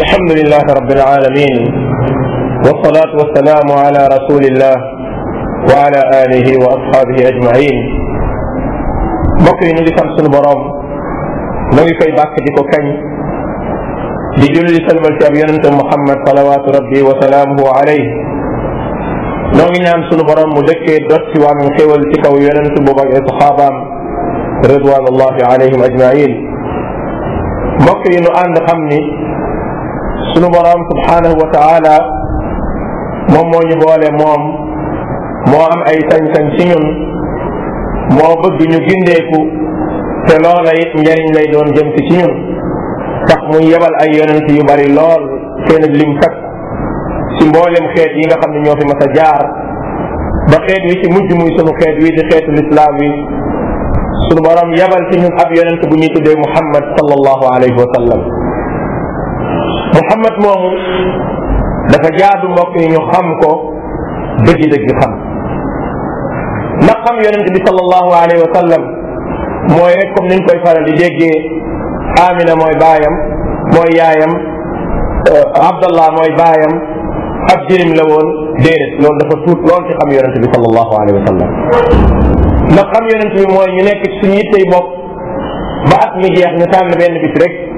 الحمد لله رب العالمين والصلاة والسلام على رسول الله وعلى آله وأصحابه أجمعين mbokk yi ñu ngi sant sunu boroom nu ngi koy bàkk di ko kañ di julli salmal ci ab yonente Muhammad salawaatu rabbi wa salaamuhu alayhi noo ngi ñaan sunu boroom mu dëkkee dotti waamam xéwal ci kaw yonente boobu ak saxaabaam ridwanullahi alayhim ajmain mbokk yi nu ànd xam ni sunu boroom subhaanahu wa taala moom moo ñu boole moom moo am ay sañ-sañ ci ñun moo bëgg ñu gindeeku te loola it lay doon jëm si ci ñun tax muy yebal ay yonent yu bari lool seen lim takk ci mboolem xeet yi nga xam ne ñoo fi mas a jaar ba xeet wi ci mujj muy sunu xeet wi di xeetu lislaam wi sunu boroom yebal ci ñun ab yonent bu ñuy tuddee Muhammad sallallahu alayhi wa sallam Muhammad moomu dafa jaadu mbokk yi ñu xam ko dëgg-dëgg xam ndax xam yonent bi sallallahu alayhi wa sallam mooy rek comme niñ koy faral di déggee Amina mooy baayam mooy yaayam euh, Abdallah mooy baayam ab jirim la woon déedéet loolu dafa tuut lool ci xam yonent bi sallallahu alayhi wa sallam ndax xam yonent bi mooy ñu nekk ci suñu yittey bopp ba at mi jeex ñu tànn benn bis rek.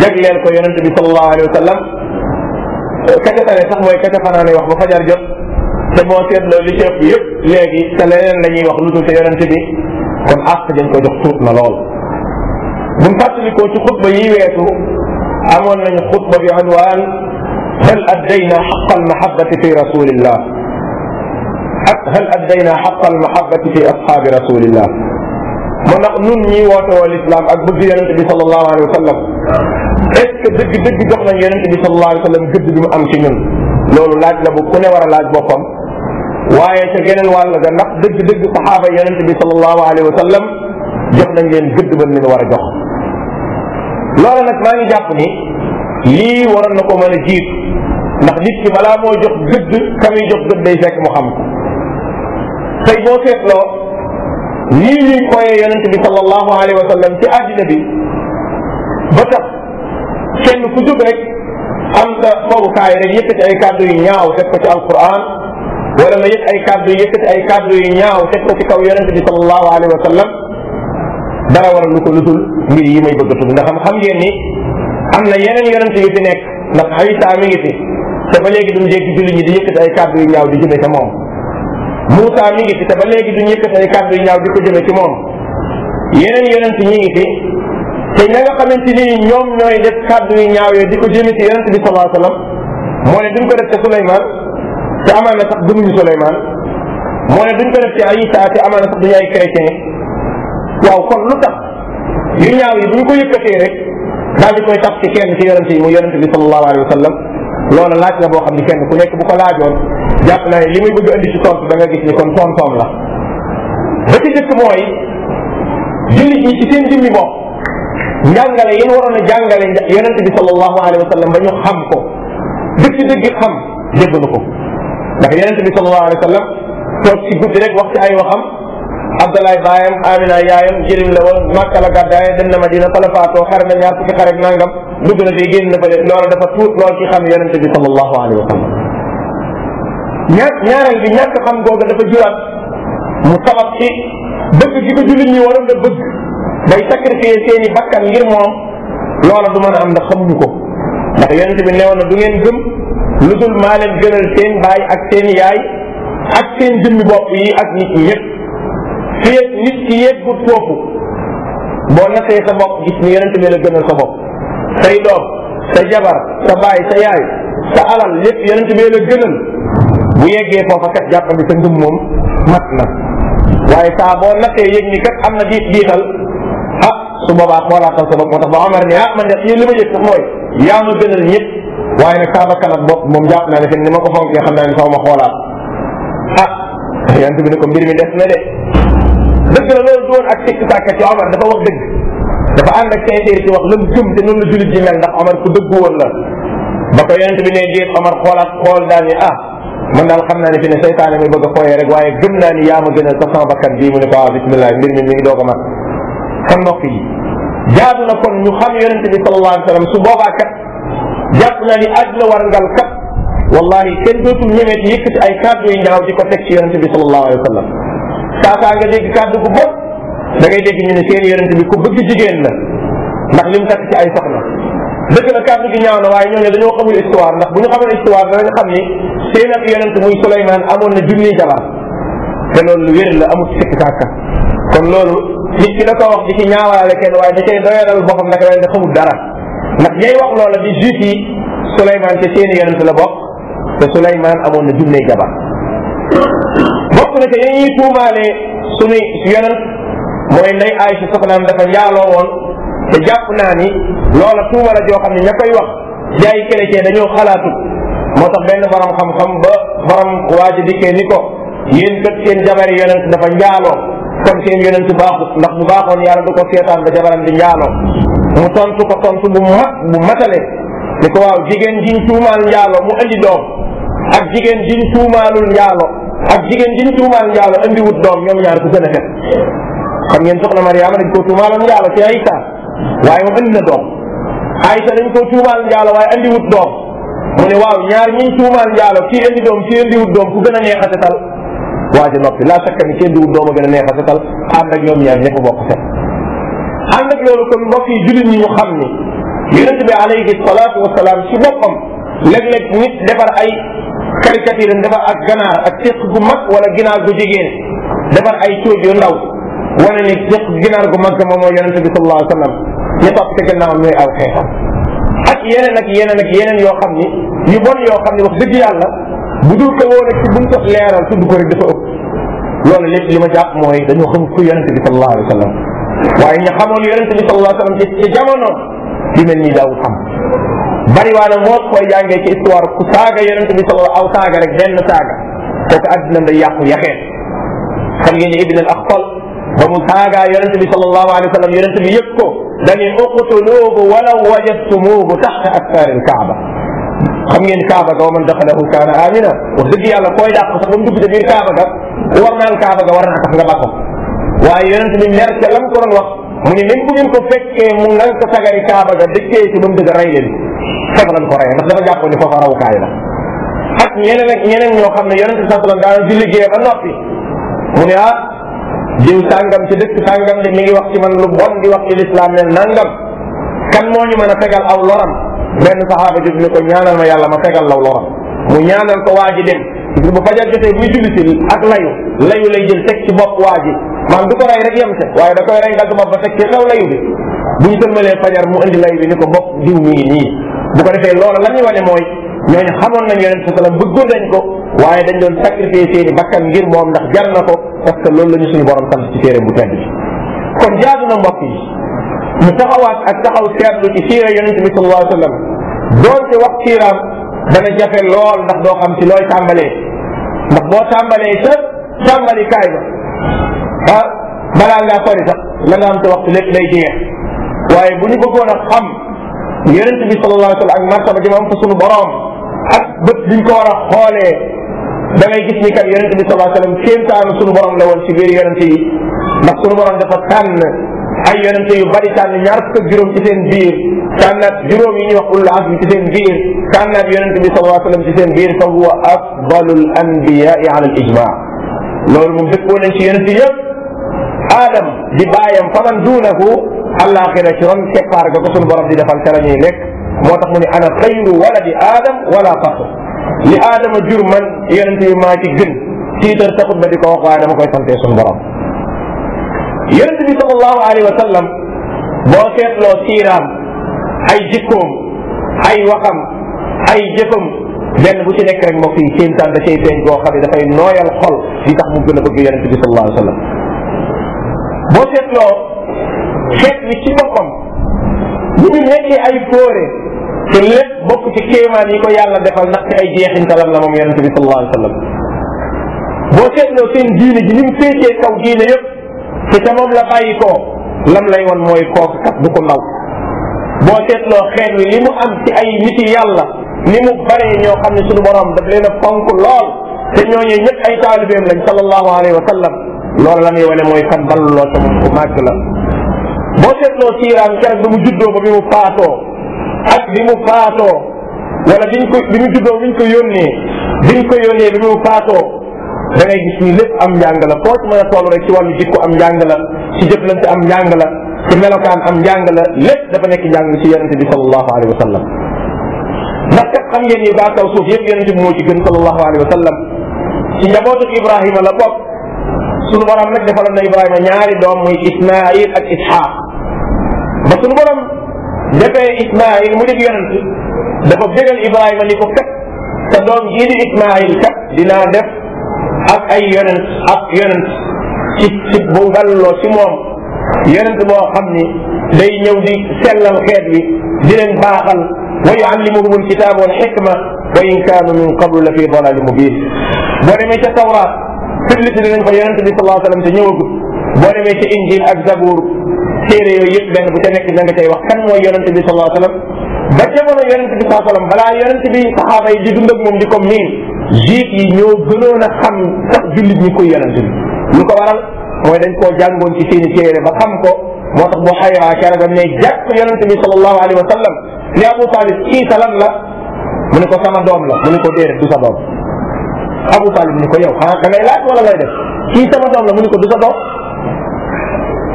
jagleel ko yonent bi sallallahu alayhi wa sallam kaca tane sax mooy kaca fanaane wax ba fajar jot te boo seetloo li ci ëpp yëpp léegi te leneen la ñuy wax lu dul te yonent bi kon àq dañ ko jox tuut na lool buñ fàttalikoo ci xutba yi weesu amoon nañu xutba bi anwaan hal addayna xaq almahabati fi rasulillah ak hal addayna xaq almahabati fi ashaabi rasulillah ma ndax ñun ñi woote woo lislaam ak bëgg yonente bi sallallahu alayhi wa sallam est ce que dëgg dëgg jox nañ yonente bi sallallahu alayhi wa sallam gëdd bi mu am ci ñun loolu laaj la bu ku ne war a laaj boppam waaye ca geneen wàll ga ndax dëgg dëgg saxaaba yonente bi sallallahu alayhi wa sallam jox nañ leen gëdd ba leen war a jox loolu nag maa ngi jàpp ni lii waroon na ko mën a jiit ndax nit ki balaa moo jox gëdd ka muy jox gëdd day fekk mu xam ko tey boo seetloo lii ñuy koyee yonent bi sallallahu alayhi wa ci àddina bi ba tax kenn ku jóg rek am da fowukaay rek yëkkati ay kàddu yu ñaaw teg ko ci alquran wala nga yëg ay kàddu yëkkati ay kàddu yu ñaaw teg ko ci kaw yonent bi sallallahu alayhi wa sallam dara waral lu ko lu dul mbir yi may bëgg a tudd ndax xam ngeen ni am na yeneen yonent yu fi nekk na Isa mi ngi fi te ba léegi duñ dégg jullit ñi di yëkkati ay kàddu yu ñaaw di jëme ca moom Moussa mi ngi fi te ba léegi du ñu yëkkati ay kàddu yu ñaaw di ko jëme ci moom yeneen yonent ñi ngi fi te ña nga xamante ni ñoom ñooy def kàddu yu ñaaw yooyu di ko jëme ci yonent bi sallallahu alayhi wa sallam moo ne duñ ko def ci Souleymane te amaan na sax gëmuñu Souleymane moo ko def ci Aïssa te amaan na sax duñu ay chrétien waaw kon lu tax yu ñaaw yi bu ñu ko yëkkatee rek daal di koy tax ci kenn ci yonent yi mu yonent bi sallallahu alayhi wa sallam loola laaj la boo xam ne kenn ku nekk bu ko laajoon jàpp naa li muy bëgg indi ci tontu da nga kon tontoom la ba ci jëkk mooy jullit ñi ci seen jëmmi bopp njàngale yéen waroon a jàngale yonent bi sallallahu alayhi wa sallam ba ñu xam ko dëgg dëgg xam dégg na ko ndax yonent bi sallallahu wa sallam toog ci rek wax ci ay waxam Abdoulaye baayam Amina yaayam jërim la woon Màkka la gàddaaye dem na Madina fa la faatoo xare na ñaar fukki xare nangam dugg na fee génn na fa loola dafa tuut lool ci xam yonent bi sallallahu alayhi wa ñaar ñaareel bi ñàkk xam googu dafa juraat mu sabab ci bëgg gi ko jullit ñi waroon da bëgg bay sacrifier seen i bakkan ngir moom loola du mën a am ndax xamuñu ko ndax yonent bi newoon na du ngeen gëm lu dul maale leen gënal seen baay ak seen yaay ak seen jëmmi bopp yi ak nit ñi yëpp fii nit ki yeggut foofu boo natee sa bopp gis ni yonent bi la sa bopp say doom sa jabar sa baay sa yaay sa alal lépp yonent bi la gënal bu yeggee foofa kat jàppal ni sa ngëm moom mat na waaye saa boo nattee yëg ni kat am na diit diital ah su boobaa xoolaatal sa bopp moo tax ba Omar ne ah man de yéen li ma yëg sax mooy yaa ma gënal ñëpp waaye nag saa ba kanam bopp moom jàpp naa ne fi ni ma ko fonkee xam naa ne faaw ma xoolaat ah yant bi ne ko mbir mi des na de dëgg la loolu du woon ak sikk sàkk ci Omar dafa wax dëgg dafa ànd ak sincère ci wax lam gëm te noonu la jullit ji mel ndax Omar ku dëgg woon la ba ko yonent bi ne déet Omar xoolaat xool daal ni ah man daal xam naa ne fi ne seytaane mi bëgg a fooyee rek waaye gëm naa ni yaa ma gënal a sama bakkan bii mu ne ko ah bismillah mbir mi mi ngi doog a mat kon noppi yi jaadu na kon ñu xam yonente bi sallallahu alayhi wa sallam su boobaa kat jàpp naa ni àdduna war ngal kat wallahi kenn dootul ñemee ci yëkkati ay kàddu yu ñaaw di ko teg ci yonente bi sallallahu alayhi wa sallam saa saa nga dégg kàddu gu bon da ngay dégg ñu ne seen yonente bi ku bëgg jigéen la ndax li mu takk ci ay soxna dëgg la kàddu gi ñaaw na waaye ñooñu dañoo xamul histoire ndax bu ñu xamul histoire danañ xam ni seen ak yonent muy Souleymane amoon na junniy jabar te loolu lu wér la amul sikk sàkka kon loolu nit ki da ko wax di ci ñaawaale kenn waaye da cay doyalal boppam nag ren de xamul dara ndax ñay wax loola di juif yi Souleymane te seeni yonent la bokk te Souleymane amoon na junniy jabar bokk na te yéen ñuy tuumaale suñuy yonent mooy ndey Aysa soxnaam dafa njaaloo woon. te jàpp naa ni loola tuuma joo xam ne ña koy wax jaay chrétien dañoo xalaatut moo tax benn borom xam-xam ba borom waaj a dikkee ni ko yéen kat seen jabari yonent dafa njaaloo kon seen tu baaxut ndax bu baaxoon yàlla du ko seetaan ba jabaram di njaaloo mu tontu ko tontu bu mat bu matale ni ko waaw jigéen jiñ tuumaal njaaloo mu andi doom ak jigéen jiñ tuumaalul njaaloo ak jigéen jiñ tuumaal njaaloo andiwut doom ñoom ñaar ku gën a xet xam ngeen soxna Mariama dañ ko tuumaaloon njaaloo ci ay taas waaye moom andi na doom Aïcha dañ ko tuumaal njaalo waaye andi wut doom mu ne waaw ñaar ñiy tuumaal njaalo kii andi doom kii andi wut doom ku gën a neex a setal waa ji noppi laa sakka ni kenn di wut doom a gën a neex a setal ànd ak ñoom ñaar ñëpp bokk set ànd ak loolu kon mbokk yi jullit ñi ñu xam ni yonent bi alayhi salaatu wasalaam ci boppam léeg-léeg nit defar ay caricature defar ak ganaar ak téq gu mag wala ginaar gu jigéen defar ay cóoj yu ndaw wane ni jëq ginaar gu mag moom mooy yonente bi sallallahu alayhi wa sallam ñu topp ci gannaawam ñooy aw ak yeneen yoo xam ni yu bon yoo xam ni wax dëgg yàlla bu dul ko woon ak ci buñ ko leeral tudd ko rek dafa ëpp loolu lépp li ma jàpp mooy dañoo xam ku yonente bi sallallahu alayhi wa sallam waaye ñu xamoon yonente bi sallallahu alayhi wa sallam ci ci jamono yu mel nii daawul xam bariwaana moo koy jàngee ci histoire ku saaga yonente bi sallallahu aw saaga rek benn saaga kooku addinam day yàqu yaxeet xam ngeen ne ibn al ba mu saagaa yonente bi sallallahu alayhi wa sallam yonente bi yëg ko da ne uqtuluuhu walaw wajadtumuuhu taxta asfaaril kaaba xam ngeen kaaba ga wa man daxalahu kaana amina wax dëgg yàlla koy dàq sax ba mu dugg ca biir kaaba ga war naan kaaba ga war naa tax nga ba ko waaye yonente bi mer ca lam ko doon wax mu ne même bu ngeen ko fekkee mu ngan ko sagari kaaba ga dëkkee ci ba mu dëgg rey leen fab lañ ko rey ndax dafa jàppoon ne foofa rawukaay la ak ñeneen ak ñeneen ñoo xam ne yonente bi sallallahu alayhi wa sallam daana julli gee ba noppi mu ne ah diw sàngam ci dëkk sàngam de mi ngi wax ci man lu bon di wax ci lislaam ne nangam kan moo ñu mën a fegal aw loram benn saxaaba jóg ne ko ñaanal ma yàlla ma fegal law loram mu ñaanal ko waa ji dem bu fajar jotee buy julli si ak layu layu lay jël teg ci bopp waa ji maanaam du ko rey rek yem ca waaye da koy rey dagg bopp ba teg ci kaw layu bi bu ñu sëlmalee fajar mu indi layu bi ni ko bopp diw mi ngi nii bu ko defee loola la ñuy wane mooy ñooñu xamoon nañ yonent sa sallam bëggoon nañ ko waaye dañ doon sacrifier seen i bakkan ngir moom ndax jar na ko parce que loolu la ñu suñu borom sant ci téeréem bu tedd bi kon jaadu na mbokk yi mu taxawaat ak taxaw seetlu ci siira yonent bi sallallahu alayhi wa sallam doonte wax siiraam dana jafe lool ndax doo xam ci looy tàmbalee ndax boo tàmbalee sa tàmbali kaay ba ah balaa ngaa sori sax la nga am te waxtu lépp day jeex waaye bu ñu bëggoon a xam yonent bi sallallahu alayhi wa sallam ak martaba ji ma am fa suñu borom ak bët biñ ko war a xoolee da ngay gis ni kat yonente bi sallallahu alayhi wa sallam kéemtaanu sunu borom la woon ci biir yonente yi ndax sunu borom dafa tànn ay yonente yu bari tànn ñaar fukk ak juróom ci seen biir tànnaat juróom yi ñuy wax ulul azmi ci seen biir tànnaat yonente bi sallallahu alayhi wa sallam ci seen biir fa huwa afdalul anbiyai ala al ijma loolu moom dëppoo nañ ci yonente yëpp Adam di bàyyam faman duunahu àllaaxira ci ron keppaar ga ko sunu borom di defal ca la ñuy lekk moo tax mu ne ana xayru waladi aadam wala faxr li aadama jur man yonente bi maa ci gën tiitar taxut ba di ko wax waaye dama koy santee suñu borom yonente bi sallallahu alayhi wa sallam boo seetloo ay jikkoom ay waxam ay jëfam benn bu ci nekk rek moo fi kéemtaan da cay feeñ boo xam ne dafay nooyal xol di tax mu gën a bëgg yonente bi sallallahu alayhi wa sallam boo wi ci boppam bu ñu nekkee ay góore te lépp bokk ci kéemaan yi ko yàlla defal ndax ci ay jeexintalam la moom yonente bi sallallahu alayhi wa sallam boo seetloo seen diine ji ni mu féetee kaw diine yëpp te ca moom la bàyyi koo lam lay woon mooy kooku kat du ko ndaw boo seetloo xeet wi li mu am ci ay niti yàlla ni mu baree ñoo xam ne suñu borom daf leen a fonk lool te ñooñu ñëpp ay taalibeem lañ sallallahu alayhi wa sallam loolu la muy wane mooy kan baluloo ca moom ku màgg boo seetloo siiraam keroog bi mu juddoo ba bi mu faatoo ak bi mu faatoo wala biñ ko bi mu juddoo biñ ko yónnee biñ ko yónnee bi mu faatoo da ngay gis ni lépp am njàng la foo ci mën a toll rek ci wàllu jikko am njàng la ci jëflante am njàng la ci melokaan am njàng la lépp dafa nekk njàng ci yonente bi sallallahu alayhi wa sallam ndax kat xam ngeen ni baa kaw suuf yëpp yonente bi moo ci gën sallallahu alayhi wa sallam ci njabootu Ibrahima la bokk suñu borom nag defaloon na Ibrahima ñaari doom muy Ismail ak Ishaq ba suñu de defee Ismaayil mu dig yonent dafa bégal Ibrahima ni ko kat sa doom jii di Ismaayil kat dinaa def ak ay yonent ak yonent ci ci bu ngalloo ci moom yonent boo xam ni day ñëw di sellal xeet wi di leen baaxal wa yuallimuhum alkitaaba wal xikma wa in kaanu min qablu la fi dalalin mubin boo demee ca Tawraat firlisi dinañ ko yonent bi sallallahu alayhi wa sallam te ñëwagul boo demee ca Injil ak téere yooyu yëpp benn bu ca nekk da nga cay wax kan mooy yonente bi sallallahu wasallam ba jamono yonente bi sallallahu alayhi wasallam balaa yonente bi saxaaba a di dund ak moom di ko miin jiit yi ñoo gënoon a xam sax jullit ñi koy yonente bi lu ko waral mooy dañ koo jàngoon ci seeni téere ba xam ko moo tax bu xaymaa keroog dañ ne jàpp yonente bi sallallahu alayhi wasallam ne Abu Talib kii sa la mu ne ko sama doom la ko déedéet du sa doom Abu Talib mu ko yow xanaa da ngay laaj wala lay def kii sama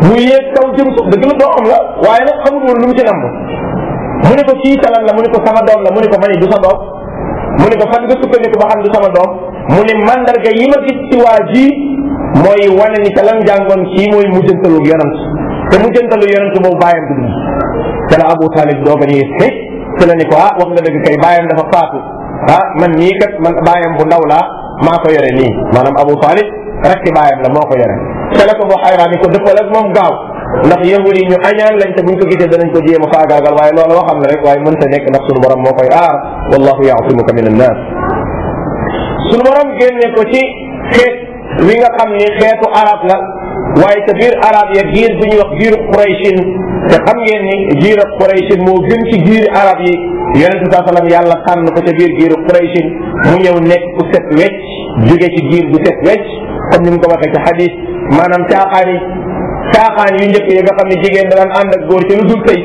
mu yéeg kaw jëm suuf dëgg la doomam la waaye nag xamul woon lu mu ci namb mu ne ko kii talan la mu ne ko sama doom la mu ne ko mani du sa doom mu ne ko fan nga sukkandiku ba xam sama doom mu ne mandarga yi ma gis ci waa ji mooy wane ni talan jàngoon kii mooy mujjantalu yonant te mujjantalu yonant boobu bàyyam du dund te la Abu Talib dooga ni xëy ci la ni ko ah wax nga dëgg kay bàyyam dafa faatu ah man nii kat man bàyyam bu ndaw laa maa ko yore nii maanaam Abu Talib rakki baayam la moo ko yore te la ko boo xaymaa ni ko dëppal ak moom gaaw ndax yahud yi ñu añaan lañ te buñ ko gisee danañ ko jéem a faagaagal waaye loolu waxam la rek waaye mënta nekk ndax sunu borom moo koy aar wallahu yaasimuka min annaas sunu ko ci xeet wi nga xam ni xeetu arab la waaye te biir ya giir bu ñuy wax giiru Qurayshin te xam ngeen ni giiru Qurayshin moo gën ci giiri arab yi la saa sallam yàlla tànn ko ca biir giiru Qurayshin mu ñëw nekk ku set wecc jóge ci giir bu set wecc comme ni mu ko waxee ci xadis maanaam caaxaani caaxaan yu njëkk yi nga xam ne jigéen da daan ànd ak góor ci lu dul tey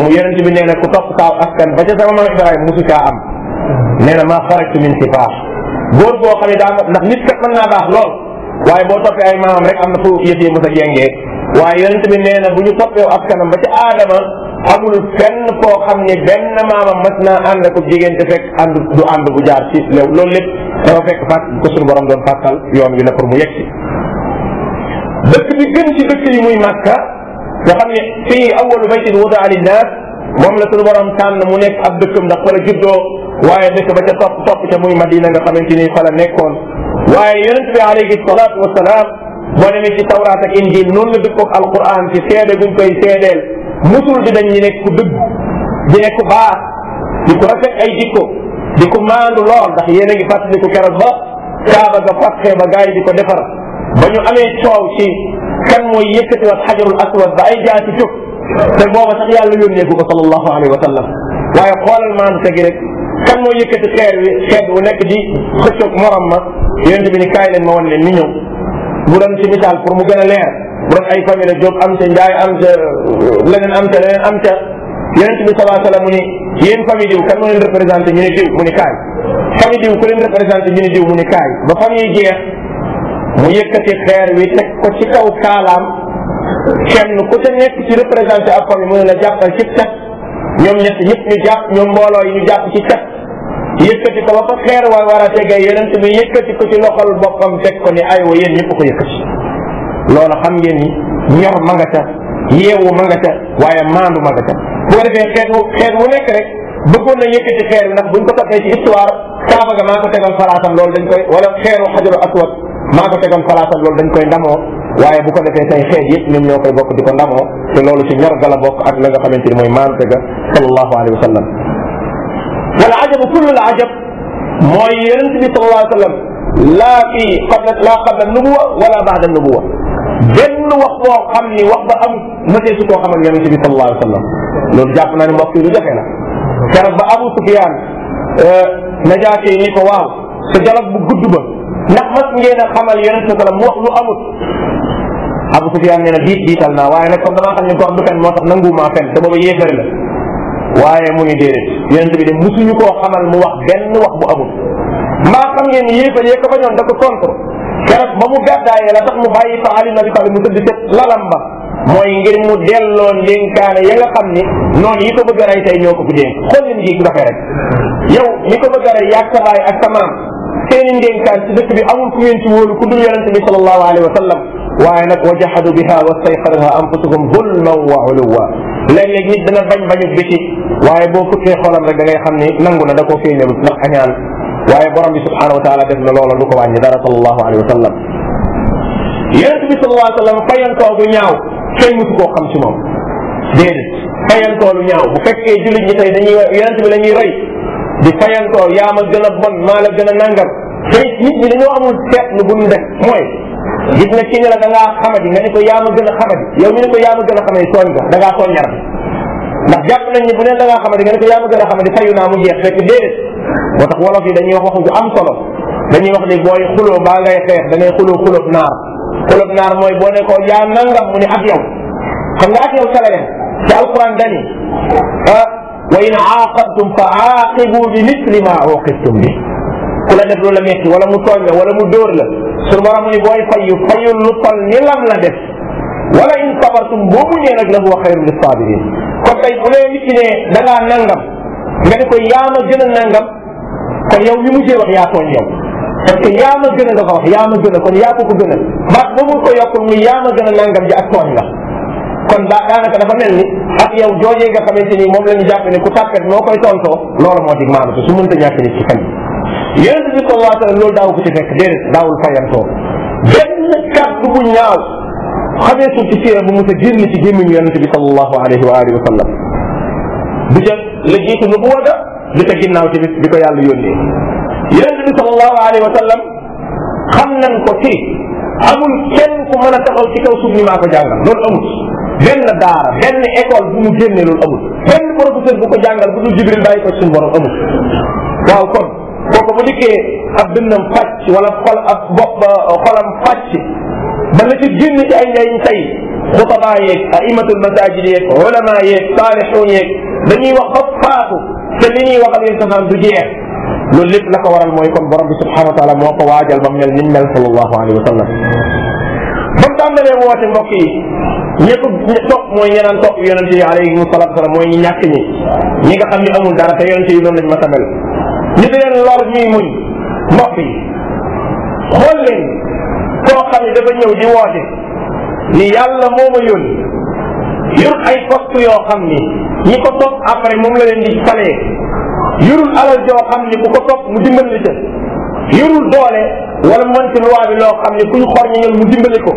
mu yonente bi nee na ku topp saaw askan ba ca sama maam Ibrahima mosu caa am nee na maa xarajtu min sifaax góor boo xam ne daa ndax nit kat naa baax lool waaye boo toppee ay maamam rek am na fu yëf yi mos a jengee waaye yonent bi nee na bu ñu toppee ak kanam ba ci aadama amul fenn koo xam ne benn maamam mas naa ànd ko jigéen te fekk ànd du ànd bu jaar ci lool loolu lépp dafa fekk fàtt ko suñu borom doon fàttal yoon wi la pour mu yegg si dëkk bi gën ci dëkk yi muy màkka nga xam ne fii awalu baytin wudaa linnaas moom la suñu borom tànn mu nekk ab dëkkam ndax fa la juddoo waaye dëkk ba ca topp topp ca muy madina xamante ni fa nekkoon waaye yonent bi alayhi salaatu wasalaam boo demee ci tawraat ak injil noonu la dëppoog alquran ci seede guñ koy seedeel musul di dañ ñi nekk ku dëgg di nekk ku baax di ku rafet ay jikko di ku maandu lool ndax yéen a ngi fàttaliku keroog ba kaaba ga fàqee ba gars yi di ko defar ba ñu amee coow ci kan mooy yëkkati wat xajarul aswad ba ay jaasi jóg te booba sax yàlla yónneeku ko sallallahu alayhi wa sallam waaye xoolal maandu tegi rek kan moo yëkkati xeer wi xeet wu nekk di xëccoog morom ma yonente bi ni kaay leen ma wan leen ñu ñëw bu doon ci misaal pour mu gën a leer bu doon ay famille la Jóob am ca Njaay am ca leneen am ca leneen am ca yonente bi salaa salaam mu ni yéen famille diw kan moo leen représenté ñu ni diw mu ni kaay famille diw ku leen représenté ñu ni diw mu ni kaay ba famille jeex mu yëkkati xeer wi teg ko ci kaw kaalaam kenn ku ca nekk ci représenté ak famille mu ne la jàppal ci teg ñoom ñett ñëpp ñu jàpp ñoom mbooloo yi ñu jàpp ci cat yëkkati ko ba fa xeer wa war a tegee yonent bi yëkkati ko ci loxol boppam teg ko ni aywa yéen ñëpp ko yëkkati loolu xam ngeen ni ñor ma nga ca yeewu ma nga ca waaye maandu ma nga ca bu ko defee xeet wu xeet wu nekk rek bëggoon na yëkkati xeer bi ndax buñ ko toppee ci histoire kaaba ga maa ko tegal faraatam loolu dañ koy wala xeeru xajaru aswad maa ko tegoon palaasam loolu dañ koy ndamoo waaye bu ko defee say xeet yëpp ñoom ñoo koy bokk di ko ndamoo te loolu ci ñor gala bokk ak la nga xamante ni mooy maante ga sallallahu alayhi wa sallam wala ajabu kullu la ajab mooy yonent bi sallallahu alayhi wa sallam laa fi qabla laa qabla nubuwa wala baada nubuwa benn wax boo xam ni wax ba amul mëtee su koo xam ak yonent bi sallallahu alayhi wa sallam loolu jàpp naa ne mbokk yi lu jafe la keroog ba Abu Sufyaan euh, najaatee ni ko waaw sa jalab bu gudd ba ndax mas ngeen a xamal yonent sa salaam mu wax lu amut Abu Sufyaan nee na diit diital naa waaye nag comme damaa xam ne góor du fen moo tax nanguwumaa fen te booba yéefar la waaye mu ni déedéet yonent bi de musuñu koo xamal mu wax benn wax bu amut maa xam ngeen ni yee ko bañoon da ko contre keroog ba mu gàddaayee la tax mu bàyyi fa Ali ibn Abi Talib lalam ba mooy ngir mu delloo ndénkaane ya nga xam ni noonu yi ko bëgg a rey tey ñoo ko ko dénk xool a seen i ndénkaan ci dëkk bi amul ku ngeen ci wóolu ku dul yonente bi sallallahu alayhi wa sallam waaye nag wa jahadu biha wa stayqanatha anfusuhum zulman wa uluwa léeg-léeg nit dana bañ bañu biti waaye boo fukkee xolam rek da ngay xam ni nangu na da koo feeñalut ndax añaan waaye borom bi subhanahu wa taala def na loola du ko wàññi dara sallallahu alayhi wa sallam yonente bi sallallahu alayhi wa sallam fayantoo bu ñaaw kenn mësu koo xam ci moom déedéet fayantoo lu ñaaw bu fekkee jullit ñi tey dañuy yonente bi la ñuy di fayantoo yaa ma gën a bon maa la gën a nangam te nit ñi dañoo amul seetlu bu ñu def mooy gis na ki ne la da ngaa xamadi nga ne ko yaa ma gën a xamadi yow mi ne ko yaa ma gën a xamadi tooñ nga da ngaa tooñ yaram ndax jàpp nañ ne bu ne da ngaa xamadi nga ne ko yaa gën a xamadi fayu naa mu jeex fekk déedéet moo tax wolof yi dañuy wax wax ju am solo dañuy wax ne booy xuloo baa ngay xeex da ngay xuloo xuloob naar xuloob naar mooy boo ne ko yaa nangam mu ne ak yow xam nga ak yow ca la yem te alquran dani ah wa in aaqabtum fa aaqibu bi misli ma uqibtum bi ku la def lu la metti wala mu tooñ la wala mu dóor la suñu borom ni booy fayu fayul lu tol ni lam la def wala in sabartum boo muñee nag la huwa xayrun lissabirin kon tey bu lee nit ki ne da ngaa nangam nga ne ko yaa ma gën a nangam kon yow mi mujjee wax yaa tooñ yow parce que yaa ma gën a nga ko wax yaa ma gën a kon yaa ko ko gën a baat boobu ko yokkul muy yaa ma gën a nangam ji ak tooñ la kon daa daanaka dafa mel ni ak yow joojee nga xamante ni moom leen ñu jàpp ne ku tàppet moo koy tontoo loolu moo di maandu su mënta ñàkk nit ci kan yonente bi sallallahu alayhi wa sallam loolu daaw ko ci fekk déedéet daawul fayantoo benn kàddu bu ñaaw xamee suuf ci sira bu mos a génn ci gémmiñu yonente bi sallallahu alayhi wa alihi wa sallam du ca la jiitu nu ginnaaw tamit bi ko yàlla yónnee yonente bi sallallahu alayhi wa sallam xam nañ ko ci amul kenn ku mën a taxaw ci kaw suuf ni maa ko jàngal loolu amul benn daara benn école bu mu génnee loolu amul benn professeur bu ko jàngal bu dul jibril bàyyi ko suñu borom amul waaw kon kooku bu dikkee ab dënnam fàcc wala xol ab bopp xolam fàcc ba la ci génn ci ay njariñ tey xutabaa yeeg aimatul masajid yeeg ulama yeeg saalixuun yeeg dañuy wax ba faatu te li ñuy waxal yéen safaan loolu lépp la ko waral mooy kon borom ko waajal ba mel ni mel sallallahu alayhi yi ñëpp ñu topp mooy ñi naan topp yonent yi alayhi salaatu salaam mooy nga xam ne amul dara te yonent yi noonu lañ ma tamel ñu di leen lor ñuy muñ mbokk yi xool leen koo xam dafa ñëw di woote ni yàlla moo ay poste yoo xam ni ñu ko topp après moom la leen di falee yorul alal joo xam ni bu ko topp mu dimbali ca yorul doole wala mënti loi bi loo xam ni kuñ xor ñi ñoom mu dimbali ko.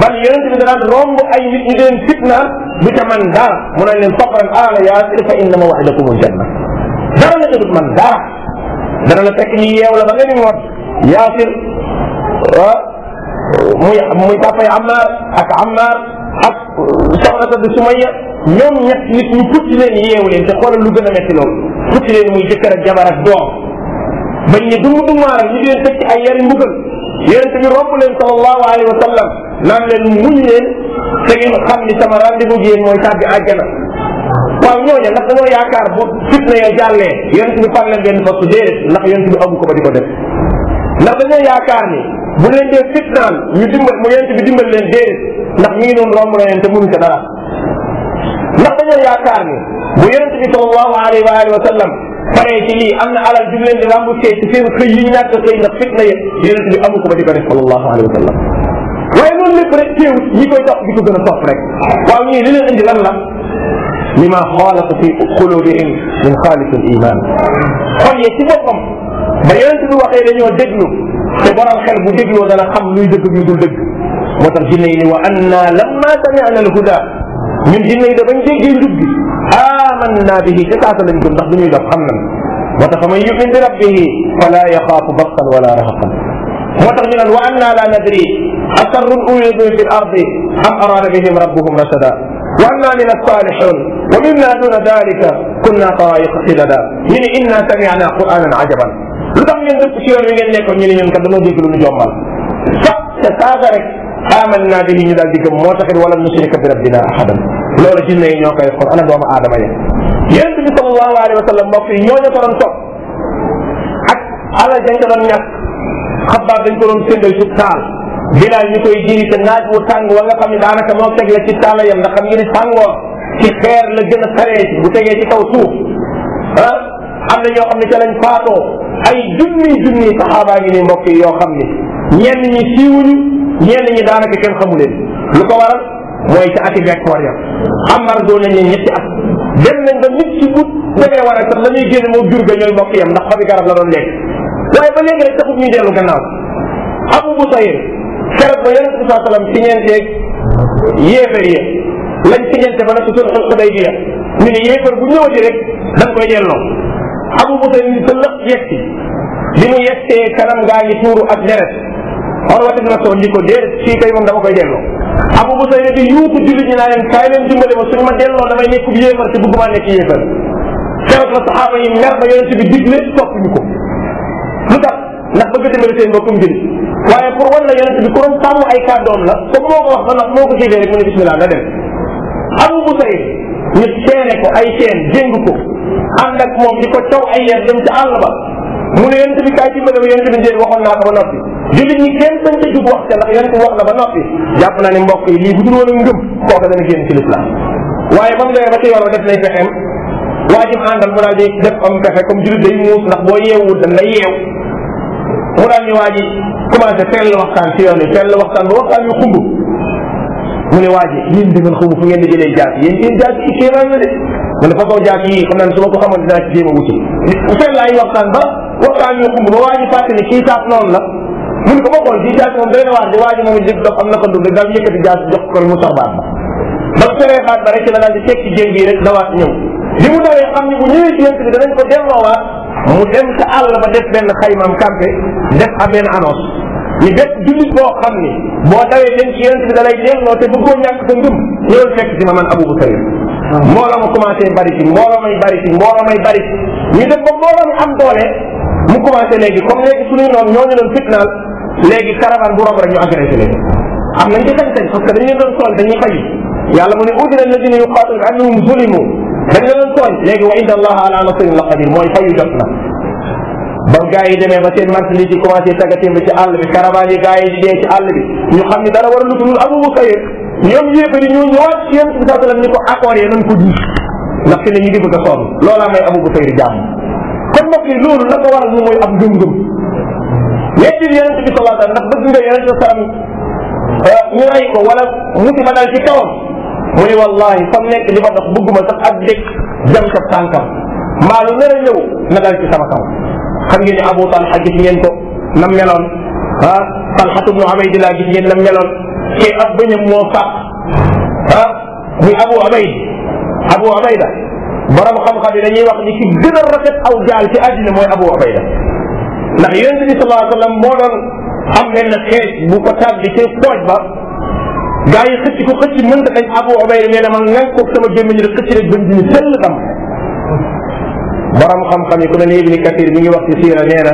bal yonente bi danaan romb ay nit ñu leen fitna du ca man dara mu naan leen sabran ala yaasir fa inna maw'idakum aljanna dara la jëdut man dara dana la fekk ñu yeew la ba nga ni woon yaasir ah muy muy papay Ammaar ak Ammaar ak soxna di Sumayya ñoom ñett nit ñu putti leen yeew leen te xoolal lu gën a metti loolu putti leen muy jëkkër ak jabar ak doom bañ ne dumm dummaa rek ñu di leen teg ci ay yari mbugal yonente bi romb leen sallallahu alayhi wa sallam naan leen muñ leen te ngeen xam ni sama rendez-vous bi yéen mooy tàbbi àjjana waaw ñooñu ndax dañoo yaakaar bu fitna ya jàllee yonent bi fan leen benn poste déedéet ndax yonent bi amu ko ba di ko def ndax dañoo yaakaar ni bu leen dee fitnaan ñu dimbal mu yonent bi dimbal leen déedéet ndax mi ngi noonu romb na leen te mënu ko dara ndax dañoo yaakaar ni bu yonent bi sallallahu alayhi wa alihi wa sallam paree ci lii am na alal ju leen di remboursé ci seen xëy yi ñu ñàkk xëy ndax fitna ya yonent bi amu ko ba di ko def sallallahu alayhi wa sallam waaye loolu lépp rek teew ñi koy topp di ko gën a topp rek waaw ñii li leen indi lan la li ma xaalata fi xulubihim min xaalifil iman xol yee ci boppam ba yonent bi waxee dañoo déglu te borom xel bu dégloo dana xam luy dëgg ñu dul dëgg moo tax jinne yi ni wa anna lamma sami'na al-huda ñun jinne yi da bañ déggee njub gi amanna bihi ca saasa lañ gëm ndax du ñuy def xam nañ moo tax fa man yu'min bi rabbihi fala yaxaafu baxsan wala raxaqan moo tax ñu naan wa anna la nadri أسروا أعيدوا في الأرض أم أراد بهم ربهم رشدا وأنا لنا الصالحون ومنا دون ذلك كنا طرائق خلدا ñu ne إنا سمعنا قرآنا عجبا lu tax ngeen dëkk ci yoon wi ngeen nekkoon ñu ne ñun kat dañoo dégg lu ñu jommal sax te saaga rek amal naa bi ñu daal di gëm moo taxit wala nushrika bi rabbina ahadan loolu jinne yi ñoo koy xool ana doomu aadama yi yonent bi sallallahu alayhi wa sallam mbokk yi ñooñu ko doon topp ak alal dañ ko doon ñàkk xabaar dañ ko doon séndal ci taal bilaal ñu koy jiri te naaj wu tàng wa nga xam ne daanaka moo teg la ci tàllayam ndax xam ngeen ni tàngoor ci xeer la gën a saree bu tegee ci kaw suuf ah am na ñoo xam ne ca lañ faatoo ay junni junni saxaabaa ngi ni mbokk yi yoo xam ni ñenn ñi siiwuñu ñenn ñi daanaka kenn xamu leen lu ko waral mooy ca ati bekkoor ya ambar doo nañ leen ñetti at dem nañ ba nit ci bu demee war a sax la ñuy génn moom jur ga ñooy mbokk yam ndax xobi garab la doon lekk waaye ba léegi rek taxut ñuy dellu keroog ba yonente bi saa sallam siñeenteeg yéefar yi lañ siñeente ba nag ci sulxul xudaybiya ñu ne yéefar bu ñëwati rek dañ koy delloo abu musa ni sa lëx yetti bi mu yettee kanam gaa ngi tuuru ak deret Urwat ibn Mas'ud ni ko déet fii kay moom dama koy delloo abu musa ne di yuutu jullit ñi naa leen kaay leen dimbale ma suñu ma delloo damay te bëgguma nekk yéefar keroog la saxaaba yi mer ba yonente bi digle toppuñu ko lu tax ndax bëgg dimbali seen boppam jëli waaye pour wan la yonent bi ku doon sàmm ay kàddoom la moo ko wax ba nag moo ko séedee rek mu ne bismillah nga dem abu musayib ñu seene ko ay seen jéng ko ànd ak moom di ko taw ay yeer dem ca àll ba mu ne yonent bi kaay dimbali ma yonent bi njëriñ waxoon naa ko ba noppi jullit ñi kenn sañ ca jub wax ca ndax yonent bi wax na ba noppi jàpp naa ne mbokk yi lii bu dul woon ak ngëm kooka dana génn ci lislaam waaye ba mu demee ba ci yoon def nay fexeem waa ji mu àndal mu daal di def am pexe comme jullit day muus ndax boo yeewul dañ lay mu daal ñu waa ji commencé teel la waxtaan ci yoon yi teel la waxtaan ba waxtaan yu xumb mu ne waa ji yéen di ngeen xumb fu ngeen di jëlee jaas yéen yéen jaas yi kéemaan la de man dafa kaw jaas yi xam naa ne su ma ko xamoon dinaa ci jéem a wuti bu fekk waxtaan ba waxtaan yu xumb ba waa ji fàtte ne kii saaf noonu la mu ne ko ba xool kii jaas moom doy na waar di waa ji ko dund daal yëkkati jaas jox ko mu sax baat ba ba feree ba rek la daal di tekki jéng yi rek dawaat ñëw li mu xam ne bu ñëwee ci yéen bi danañ ko delloowaat mu dem sa àll ba def benn xaymaam campé def ab benn annonce ni bépp jullit boo xam ni boo dawee dem ci yonent bi da lay leerloo te bëggoo ñàkk sa ngëm ñëwal fekk si ma man Abu Bakar mbooloo ma commencé bari ci mbooloo may bari ci mbooloo may bari ci ñu dem ba mbooloo mi am doole mu commencé léegi comme léegi suñuy noonu ñoo ñu doon fitnaal léegi caravane bu rob ñu agressé leen am nañ ci sañ-sañ parce que dañu leen doon sol dañuy fay yàlla mu ne udina alladina yuqatiluna annahum zulimu dañ la doon tooñ léegi wa inda allaha ala nasrin la qadir mooy fayu jot na ba ga yi demee ba ma marchandise yi commencé tagatémbe ci àll bi caravane yi gars yi dee ci àll bi ñu xam ni dara war a lutulul Abu Musayir ñoom yéefari ñoo ñëwaat ci yéen bi sallam ni ko accord yee nañ ko diis ndax fi ne ñu ngi bëgg a sonn loolaa may Abu Musayir jàmm kon mbokk yi loolu la ko waral moom mooy am gëm-gëm yettil yonente bi sallallahu alayhi wa sallam ndax bëgg nga yonente bi sallam ah, ñu rey ko wala musiba dal ci mu ni wallahi fam nekk li ma dox bëgguma sax ak dëkk jam ca tànkam mbaa lu nar a ñëw na dal ci sama kaw xam ngeen ne Abu Talha gis ngeen ko nam meloon ah Talhatu bnu Ubaydillah gis ngeen nam meloon ke ab bëñam moo fàq ah muy Abu Ubayd Abu Ubayda borom xam-xam yi dañuy wax ni ki gën a rafet aw jaal ci àddina mooy Abu Ubayda ndax yonent bi sallallahu alayhi wa sallam moo doon am benn xeet bu ko tàbbi ci pooj ba gaa yi xëcc ko xëcc mënta dañ Abu Ubayda nee na man nang ko sama gémmiñ rek xëcc rek bañ ñu sell tam borom xam-xam yi ku mel ne Ibn Kathir mi ngi wax ci siira nee na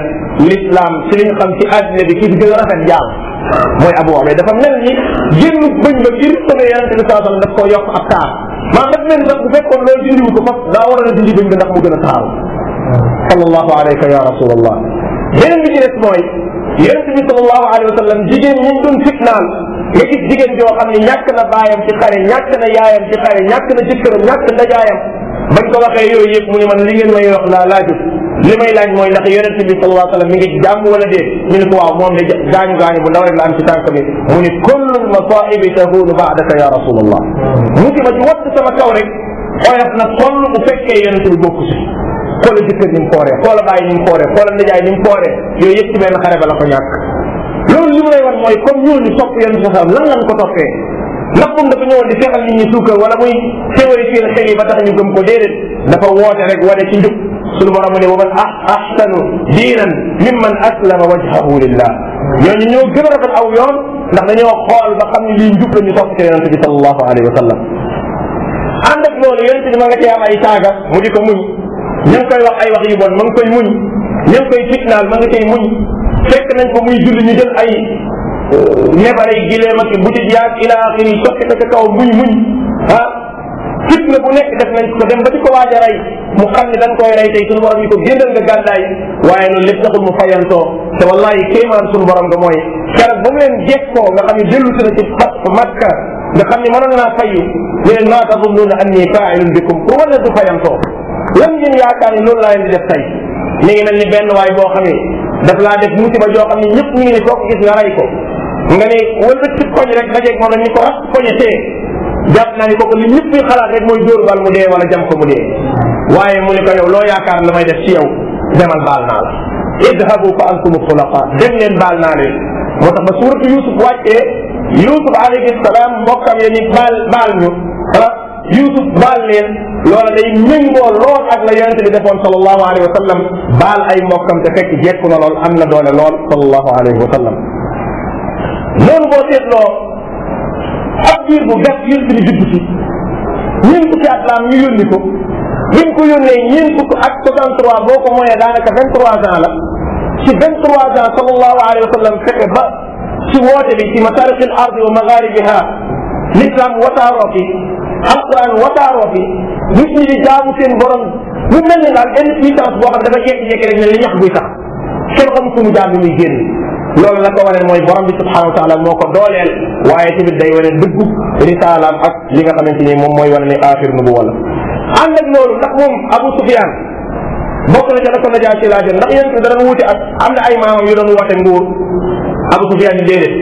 l'islam ci li ñu xam ci àddina bi kii bi gën a rafet jaal mooy Abu Ubayda dafa mel ni génn bañ ba ngir sama yonente bi saa daf koo yokk ab taar maanaam daf mel ni sax bu fekkoon loolu dindiwu ko fas daa war a dindi bañ ba ndax mu gën a taaru sallallahu alayka ya rasulallah beneen bi ci des mooy yonente bi sallallahu alayhi wa sallam jigéen ñi doon fitnaan nga gis jigéen joo xam ne ñàkk na baayam ci xare ñàkk na yaayam ci xare ñàkk na jëkkëram ñàkk ndajaayam bañ ko waxee yooyu yëpp mu ne man li ngeen may wax laa laajut li may laaj mooy ndax yonent bi sallallahu alayhi wa sallam mi ngi jàmm wala dee ñu ne ko waaw moom de gaañu gaañu bu ndaw rek la am ci tànk bi mu ne kullul masaibi tahulu baadaka ya rasulallah musiba ci watt sama kaw rek oyof na toll bu fekkee yonent bi bokku si xoola jëkkër ni mu fooree xoola bàyyi ni mu fooree xoola ndajaay ni mu fooree yooyu yëpp ci benn xare ba la ko ñàkk loolu li mu lay wan mooy comme ñooñu topp yan saxam lan lan ko toppee ndax moom dafa ñëwoon di fexal nit ñi suukar wala muy théoriser xel yi ba tax ñu gëm ko déedéet dafa woote rek wane ci njub suñu borom ne wa man ahsanu diinan mimman aslama wajhahu lillah ñooñu ñoo gën a rafet aw yoon ndax dañoo xool ba xam ne lii njub la ñu topp ci yonente bi sallallahu alayhi wa sallam ànd ak loolu yonente bi ma nga cee am ay saaga mu di ko muñ ña ngi koy wax ay wax yu bon ma ngi koy muñ ña ngi koy fitnaal muñ fekk nañ ko muy julli ñu jël ay euh, nebare yi gileem ak bu ci yaag ila axiri sotti ko ca kaw muñ muñ ah bu nekk def nañ ko dem ba di ko waaj a rey mu xam ne dañ koy rey tey suñu borom yi ko génnal nga gàddaay waaye loolu lépp taxul mu fayantoo ta wallahi kéemaan suñu borom nga mooy keroog ba mu leen jekkoo nga xam ne dellu si na ci fat makka nga xam ne mënoon naa fayu ne leen maa tazunnuuna annii faa'ilun bikum pour wane du fayantoo lan ngeen yaakaar ne loolu laa leen di def tey mi ngi mel ni benn waay boo daf laa def musiba joo xam ne ñëpp ñu ngi ne ko gis nga ray ko nga ne wëlbat ci koñ rek dajeeg moom ni ko ras ah koñe tee jàpp naa ni kooku li ñëpp ñu xalaat rek mooy dóor bal mu dee wala jam ko mu dee waaye mu ne ko yow loo yaakaar la may def ci yow demal baal naa la idhabu fa antum xulafa dem leen baal naa leen moo tax ba suuratu yusuf wàccee yusuf alayhi salaam mbokkam ya ni baal baal ñu Yuusuf baal leen loola day méngoo lool ak la yonente bi defoon sallallahu alayhi wa sallam baal ay mbokkam te fekk jekku na lool am na doole lool sallallahu alayhi wa sallam loolu boo bi judd ci ñeent ko bi ñu ko ko moyee daanaka 23 wa sallam fexe wa magharibiha alquran wasaaroo fi nit ñi di jaamu seen borom mu mel ne daal benn puissance boo xam dafa jékki-jékki rek ne li ñax buy sax kenn xam fu mu jaar muy génn loolu la ko waree mooy borom bi subhanahu wa taala moo ko dooleel waaye tamit day wane dëggu risaalaam ak li nga xamante ni moom mooy wane ne affaire nu bu wala ànd ak loolu ndax moom Abu la ko Najaasi laajoon ndax yéen itam dana wuute ak am na ay maamam yu doon woote nguur Abu Sufyaan yi déedéet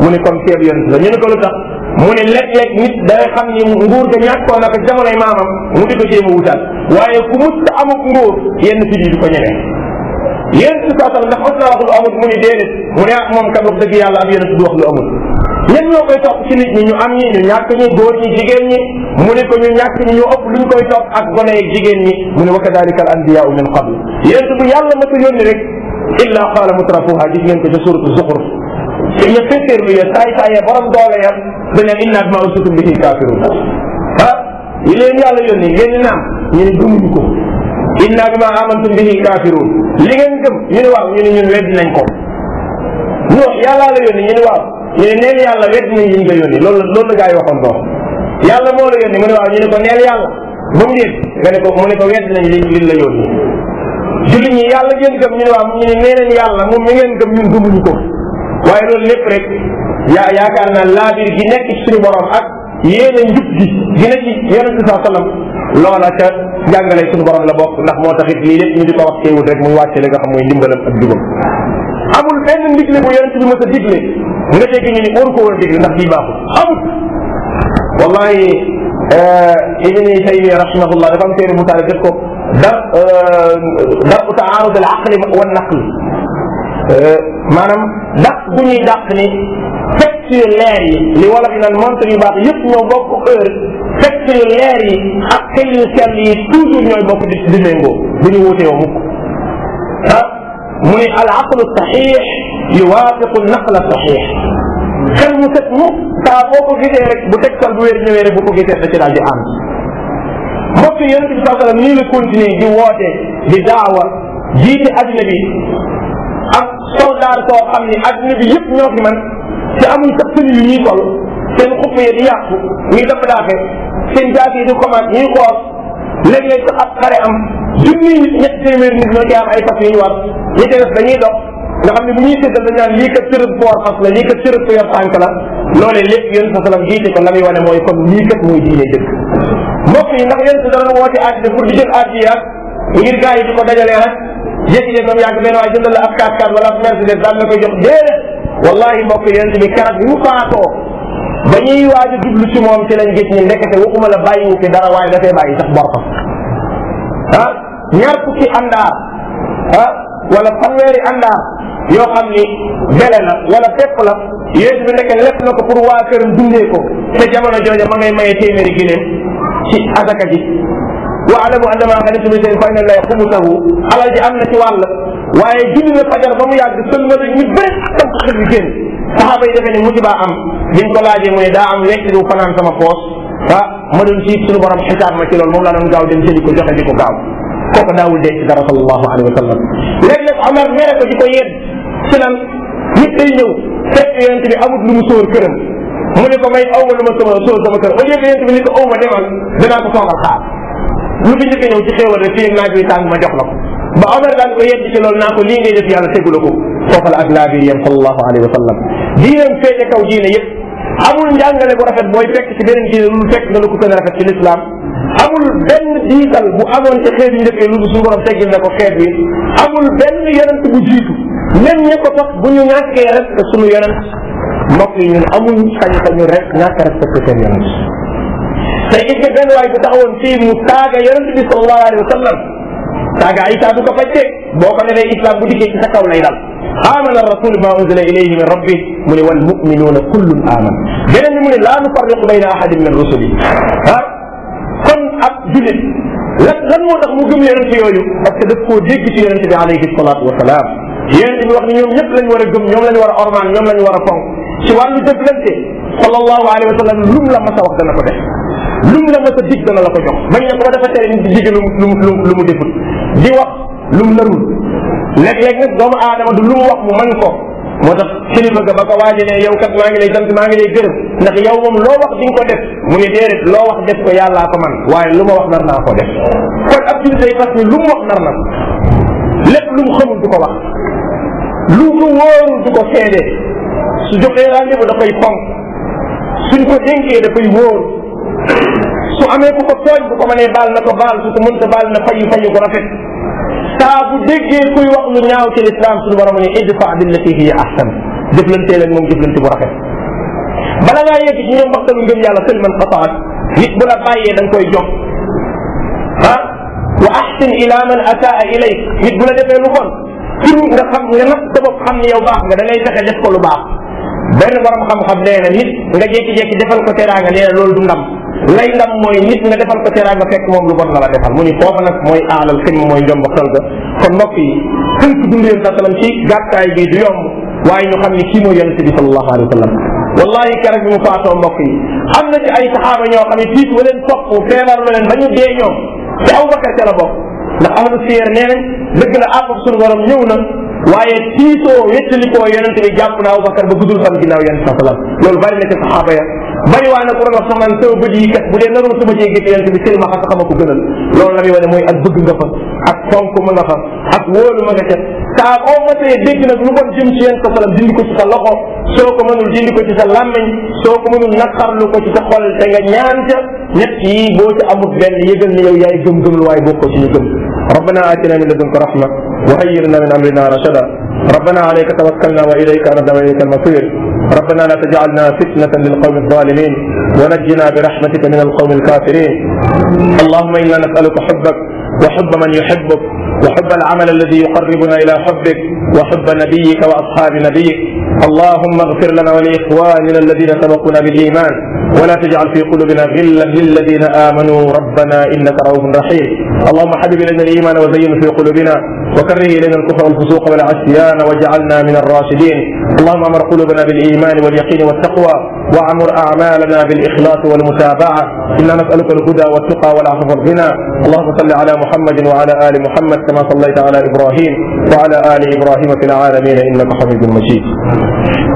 mu ne comme ceeb yéen la ñu ne ko lu tax mu ne léeg-léeg nit nga xam ni nguur ga ñàkkoon na ko jamonoy maamam mu ko jéem a wutaat waaye ku mut amuk nguur yenn si di ko ñeme yenn si saa sax ndax mos naa wax lu amul mu ne déedéet mu ne ah moom kat wax dëgg yàlla ab yeneen du wax lu amul. ñen ñoo koy topp ci nit ñi ñu am ñi jigéen ñi mu ko ñu ñàkk ñi ñu ëpp luñ koy topp ak gone jigéen ñi mu wa kadalika al anbiyaau min qabl yenn bu yàlla ma ko yónni rek illa qaala mutrafuha gis ngeen ko ca suratu zuxruf ya féetéerlu ya saay saay ya borom doole ya da leen inna bima ursiltum bihi kaafiruun ah yi leen yàlla yónni ngeen di naan ñu ne gëmuñu ko inna bima amantum bihi kaafiruun li ngeen gëm ñu ne waaw ñu ne ñun weddi ko non yàllaa la yónni ñu ne waaw ñu ne neen yàlla weddi nañ ñu nga yónni loolu loolu la gaa yi waxoon noonu yàlla moo la yónni mu ne waaw ñu ne ko neel yàlla ba mu déet nga ne ko mu ne ko weddi nañ li li la yónni jullit ñi yàlla ngeen gëm ñu ne waaw ñu ne nee nañ yàlla moom mi ngeen gëm ñun gëmuñu ko waaye loolu lépp rek yaa yaakaar naa laabir gi nekk ci suñu borom ak yéen a njub gi dina ci yonente saa sallam loola ca jàngale suñu borom la bokk ndax moo taxit lii lépp ñu di ko wax rek muy wàcce li nga xam mooy ndimbalam ak jubam amul benn ndigle bu yonente bi mës a digle nga dégg ni waru ko war a digle ndax lii baaxul amul wallahi eh, ibni taymiya rahimahullah dafa am téere bu taalif def ko dar eh, dar taarud al aqli wa naql maanaam ndax bu ñuy dàq ni facture leer yi li wala bi naan montre yu baax yëpp ñoo bokk heure facture leer ak xëy yu sell yi toujours ñooy bokk di di mukk ah mu ne al aqlu saxiix yuwaafiqu naqla saxiix xel mu set mu saa boo ko gisee rek bu tegtal bu wér ñëwee rek bu ko gisee da ci daal di ànd mbokk yonent bi sallam nii la continuer di woote di daawa jiite adduna soldaar soo xam ni adduna bi yëpp ñoo fi man te amuñ sax sëñ yu ñuy sol seen xupp yi di yàqu ñuy def daafe seen jaas yi di commencé ñuy xoos léeg-léeg sax ab xare am junniy nit ñetti téeméeri nit ñoo ci am ay fas war ñi ci def dañuy dox nga xam ne bu ñuy séddal dañ naan lii kat cërëb boor fas la lii kat cërëb ko yor tànk la loolee lépp yéen ko la muy wane mooy kon lii kat mooy diine dëkk mbokk yi ndax yéen sa dara woote addina pour di jël addiya ngir gars yi di ko dajalee rek jékki-jékki ba mu yàgg benn waaye jëndal la ab 4x4 wala ab Mercedes daal la koy jox déedéet wallahi mbokk yonent bi keroog bi mu faatoo ba ñuy waaj a jublu ci moom ci lañ gis ni ndekete waxuma la bàyyiwu fi dara waaye dafay bàyyi sax bor ko ah ñaar fukki àndaar ah wala fanweeri yoo xam ni bele la wala pepp la yonent bi ndeke lépp na ko pour waa këram dundee ko te jamono jooja ma ngay maye téeméeri gileem ci asaka ji wa alamu anna maa ghanimtum min shay'in fa inna lillahi xumusahu alal ji am na ci wàll waaye julli na fajar ba mu yàgg sëlmal ñu bëri tam ko xel yu génn saxaaba yi defee ne musiba am biñ ko laajee mu ne daa am wecc du fanaan sama poos ah ma doon siit suñu borom xisaab ma ci loolu moom laa doon gaaw dem jëli ko joxe di ko gaaw kooku daawul denc dara sallallahu alayhi wa sallam léeg-léeg Omar mere ko di ko yedd ci lan nit day ñëw fekk yonent bi amut lu mu sóor këram mu ne ko may awma lu ma sama sóor sama kër au lieu que yonent bi ni ko awma demal danaa ko toogal xaar lu fi njëkk ñëw ci xéewal rek fii naaj wi ma jox la ko ba Omar daan ko yedd ci loolu naa ko lii ngay def yàlla tegula ko foofa la ak laabiir yam sallallahu alayhi wa sallam diineem féete kaw diine yëpp amul njàngale bu rafet booy fekk ci beneen diine lu fekk nga ko gën a rafet ci lislaam amul benn diital bu amoon ci xeet yi njëkk yi lu suñu borom na ko xeet wi amul benn yonent bu jiitu même ñi ko topp bu ñu ñàkkee respect suñu yonent mbokk yi ñun amul sañ-sañu rek ñàkk respecté tey gis nga benn waay bu taxawoon fii mu saaga yonent bi sallallahu alayhi wa sallam saaga Isa du ko faj de boo ko defee islam bu dikkee ci sa kaw lay dal amana rasul ma unzila ilayhi min rabbi mu ne wal muminuuna kullun aman beneen bi mu ne laa nufarriqu bayna ahadin min rusuli ah kon ab julit lan lan moo tax mu gëm yonent yooyu parce que daf koo dégg ci yonent bi alayhi salatu wasalaam yonent bi wax ni ñoom ñëpp lañ war a gëm ñoom lañ war a ormaan ñoom lañ war a fonk ci wàllu jëflante sallallahu alayhi wa sallam lum la mas a wax dana ko def lu mu la mës a dig dana la ko jox bañ ne ko ba dafa tere nit di digg lu mu lu mu lu mu defut di wax lu mu narul léeg-léeg nag doomu aadama du lu mu wax mu man ko moo tax kilifa ga ba ko waaje ne yow kat maa ngi lay sant maa ngi lay gërëm ndax yow moom loo wax di nga ko def mu ne déedéet loo wax def ko yàllaa ko man waaye lu ma wax nar naa ko def kon ab jullit day fas ni lu mu wax nar na lépp lu mu xamul du ko wax lu ko wóorul du ko seede su joxee rendez-vous da koy fonk ko dénkee da koy wóor su amee ku ko tooñ bu ko mënee baal na ko baal su ko mënta baal na fayu fayu ko rafet saa bu déggee kuy wax lu ñaaw ci lislaam suñu borom ne idfa billati hiya ahsan jëflantee leen moom jëflante bu rafet bala ngaa yegg ci ñoom waxtalu ngëm yàlla sëlman xataat nit bu la bàyyee da nga koy jox ah wa ahsin ila man ataa ilayk nit bu la defee lu bon pour nga xam nga nag sa bopp xam ni yow baax nga da ngay fexe def ko lu baax benn borom xam-xam nee na nit nga jékki-jékki defal ko teraanga nee na loolu du ndam lay ndam mooy nit nga defal ko teraanga fekk moom lu bon la la defal mu ni foofa nag mooy aalal xim mooy njomb xel ga kon mbokk yi tënk dund yéen sa salam ci gàttaay bi du yomb waaye ñu xam ni kii mooy yonente bi sallallahu wa sallam wallahi keroog bi mu faatoo mbokk yi am na ci ay saxaaba ñoo xam ne tiit wa leen topp feebar la leen ba ñu dee ñoom te aw bakar ca la bokk ndax la àppab suñu borom ñëw na waaye tiitoo wettalikoo yonente bi jàpp na aw bakar bu guddul fan ginnaaw yonente sa salam loolu bari na ci saxaaba ya bari waa na ku doon wax sax man sama bët yi kat bu dee naroon sama jee gis yent bi seen ma xam ko gënal loolu la muy wane mooy ak bëgg nga fa ak fonk ma nga fa ak wóolu ma nga ca saa boo matee dégg nag lu bon jëm ci yent sa salam dindi ko ci sa te nga ñaan ca ñett yi boo ci amut benn yëgal ne yow yaay gëm-gëmul waaye bokkoo ci ñu gëm rabbana atina min ladunka rahma wa hayyir lana min amrina rashada rabbana alayka tawakkalna wa ilayka anabna wa ilayka almasir ربنا لا تجعلنا فتنة للقوم الظالمين ونجنا برحمتك من القوم الكافرين اللهم إنا نسألك حبك وحب من يحبك وحب العمل الذي يقربنا إلى حبك وحب نبيك وأصحاب نبيك اللهم اغفر لنا ولإخواننا الذين سبقونا بالإيمان ولا تجعل في قلوبنا غلا للذين آمنوا ربنا إنك رؤوف رحيم اللهم حبب إلينا الإيمان وزينه في قلوبنا وكره إلينا الكفر والفسوق والعصيان واجعلنا من الراشدين اللهم أمر قلوبنا بالإيمان واليقين والتقوى وعمر أعمالنا بالإخلاص والمتابعة إنا نسألك الهدى والتقى والعفو والغنى اللهم صل على محمد وعلى آل محمد كما صليت على إبراهيم وعلى آل إبراهيم في العالمين إنك حميد مجيد